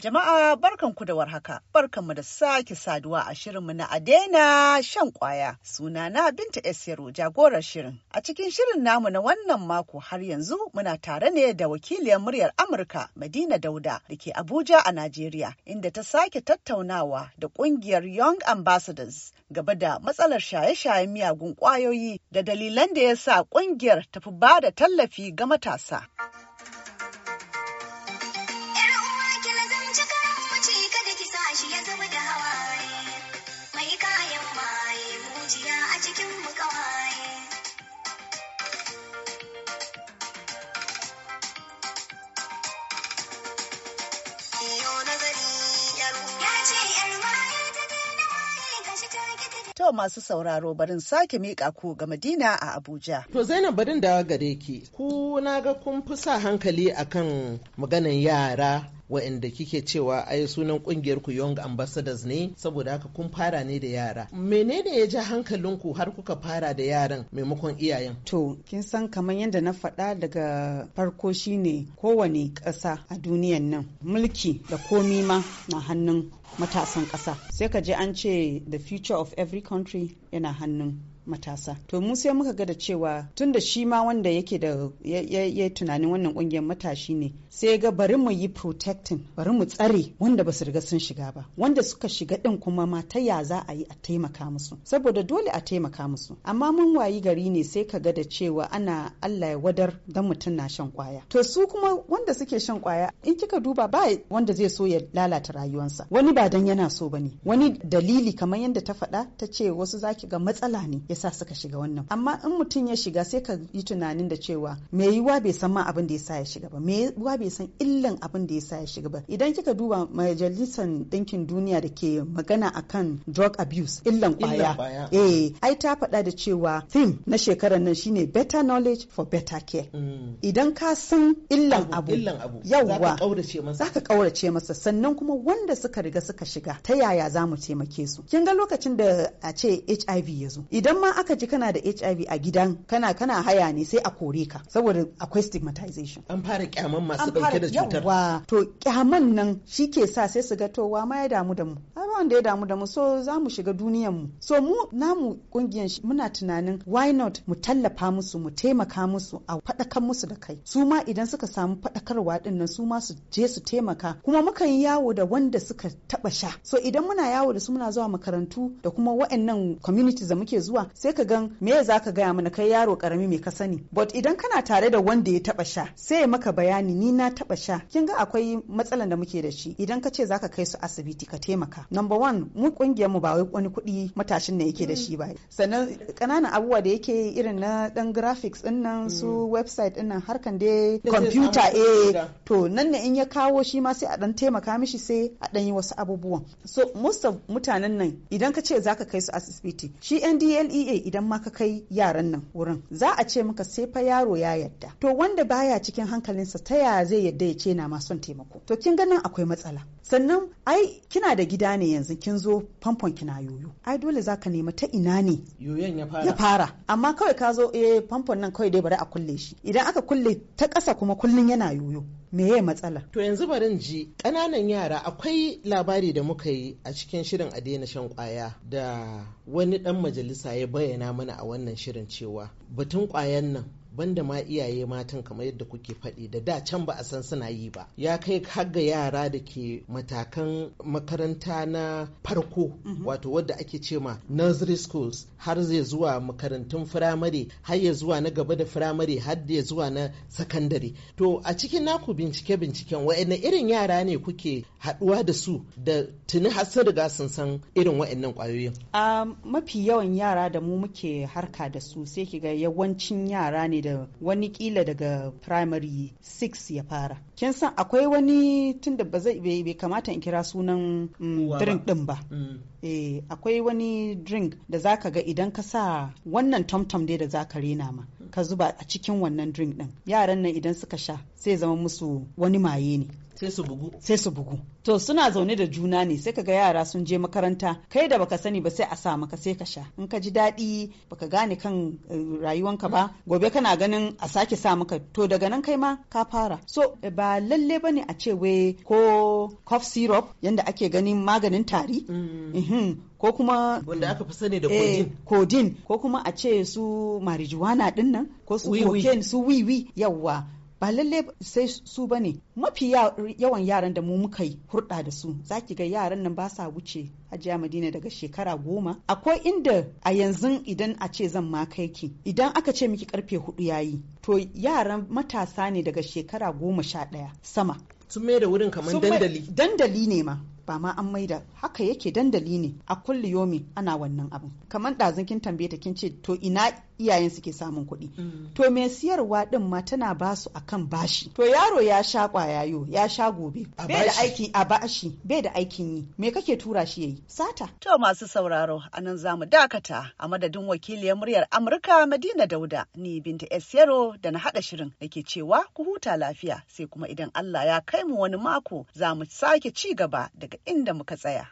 Jama'a barkan kudawar da warhaka, mu da sake saduwa a shirinmu na Adena shan kwaya. na Binta Esiru jagorar shirin. A cikin shirin namu na wannan mako har yanzu muna tare ne da wakiliyar muryar Amurka Madina Dauda da ke Abuja a Najeriya, inda ta sake tattaunawa da kungiyar Young Ambassadors gaba da matsalar shaye-shayen miyagun kwayoyi da dalilan da ya sa kungiyar tafi ba da tallafi ga matasa. To masu sauraro barin sake miƙa ku ga Madina a Abuja. To Zainab barin da gare ki. Ku na ga kun fi sa hankali akan maganan yara waɗanda kike cewa ai sunan kungiyar ku young ambassadors ne saboda haka kun fara ne da yara menene ya ji hankalin ku har kuka fara da yaran maimakon iyayen to kin san kamar yadda na faɗa daga farko shine kowane ƙasa a duniyan nan mulki da komi ma na hannun matasan ƙasa sai ka je an ce the future of every country yana hannun matasa to mu sai muka ga da cewa tun da shi ma wanda yake da ya tunanin wannan kungiyar matashi ne sai ga bari mu yi protecting bari mu tsare wanda ba su riga sun shiga ba wanda suka shiga din kuma ma ta ya za a yi a taimaka musu saboda dole a taimaka musu amma mun wayi gari ne sai ka ga da cewa ana Allah ya wadar dan mutum na shan kwaya to su kuma wanda suke shan kwaya in kika duba ba wanda zai so ya lalata rayuwarsa wani ba dan yana so bane wani dalili kamar yadda ta faɗa ta ce wasu zaki ga matsala ne ya yasa suka shiga wannan amma in mutum ya shiga sai ka yi tunanin da cewa me yiwa bai san ma abin da yasa ya shiga ba me yiwa bai san illan abin da yasa ya shiga ba idan kika duba majalisar ɗinkin duniya da ke magana akan drug abuse illan kwaya eh ai ta faɗa da cewa theme na shekarar nan shine better knowledge for better care mm. idan ka san illan abu yawwa za ka ƙaurace masa sannan kuma wanda suka riga suka shiga ta yaya za mu taimake su kin ga lokacin da a ce HIV ya zo idan ma aka ji kana da HIV a gidan kana kana haya ne sai a kore ka saboda akwai stigmatization an fara kyaman masu dauke da cutar to kyaman nan shi ke sa sai su ga towa ma ya damu da mu da ya damu da mu so za mu shiga duniyan mu so mu namu kungiyan shi muna tunanin why not mu tallafa musu mu taimaka musu a faɗakar musu da kai su ma idan suka samu faɗakarwa din nan su ma su je su taimaka kuma mukan yawo da wanda suka taba sha so idan muna yawo da su muna zuwa makarantu da kuma wa'annan communities da muke zuwa sai ka gan me za ka gaya mana kai yaro karami mai ka sani but idan kana tare da wanda ya taba sha sai maka bayani ni na taba sha kin ga akwai matsalan da muke da shi idan ka ce za ka kai su asibiti ka taimaka nan number one mu kungiyar mu ba wai wani kuɗi matashin ne yake da shi ba sannan kananan abubuwa da yake irin na dan graphics din nan su mm. website din nan harkan eh. da computer eh to nan ne in ya kawo shi ma sai a dan taimaka mishi sai a dan yi wasu abubuwan so most mutanen nan idan ka ce zaka kai su asibiti shi NDLEA idan ma ka kai yaran nan wurin za a ce maka sai fa yaro ya yadda to wanda baya cikin hankalinsa ta ya zai yadda ya ce na ma son taimako to kin ganin akwai matsala sannan ai kina da gida ne yanzu kin zo famfon kina yoyo ai dole zaka nema ta ina ne yoyon ya fara ya fara amma kawai ka zo eh famfon nan kawai dai bari a kulle shi idan aka kulle ta ƙasa kuma kullun yana yoyo me ya matsala to yanzu bari barin ji ƙananan yara akwai labari da muka yi a cikin shirin a daina shan kwaya da wani dan majalisa ya bayyana mana a wannan shirin cewa batun kwayan nan banda ma iyaye matan kamar yadda kuke faɗi da da can ba a san suna yi ba ya kai haga yara da ke matakan makaranta na farko mhm. wato wadda ake ce ma nursery schools har zai zuwa makarantun firamare har ya zuwa na gaba da firamare har ya zuwa na sakandare to a cikin naku bincike binciken wa'anne irin yara ne kuke haɗuwa da su da tuni har sun riga sun san irin wa'annan ƙwayoyin mafi yawan yara da mu muke harka da su sai ga yawancin yara ne da da wani kila daga primary 6 ya fara kin san akwai wani tunda ba zai bai kamata in kira sunan mm, drink din ba mm. eh akwai wani drink da zaka ga idan ka sa wannan tomtom dai da zaka rena ma ka zuba a cikin wannan drink din yaran nan idan suka sha sai zama musu wani maye ne sai su bugu sai su bugu to suna zaune da juna ne sai kaga yara sun je makaranta kai da baka sani ba sai a sa maka sai ka sha in ka ji daɗi baka gane kan eh, ka ba gobe kana ganin a sake sa maka to daga nan kai ma ka fara so ba lalle bane a ce wai ko cough syrup yanda ake ganin maganin tari mm. ko kuma wanda aka fi sani da codeine eh, ko kuma a ce su marijuana dinnan ko su cocaine su wiwi yawwa ba lalle sai su bane mafi yawan yaran da mu muka yi hurɗa da su za ki ga yaran nan ba sa wuce hajiya madina daga shekara goma akwai inda a yanzu idan a ce zan ma kai idan aka ce miki karfe hudu yayi to yaran matasa ne daga shekara goma sha ɗaya sama sun mai da wurin kamar dandali dandali ne ma ba ma an maida haka yake dandali ne a kulli yomi ana wannan abin kamar ɗazun kin tambaye ta kin ce to ina iyayen suke samun kuɗi mm. to mai siyarwa din ma tana basu akan bashi to yaro ya sha kwayayo ya sha gobe bai da a bashi bai da aikin yi me kake tura shi yayi sata to masu sauraro anan zamu dakata a madadin wakiliyar muryar Amurka Madina Dauda ni Binta esiyaro da na haɗa shirin nake cewa ku huta lafiya sai kuma idan Allah ya kai mu wani mako za mu sake ci gaba daga inda muka tsaya.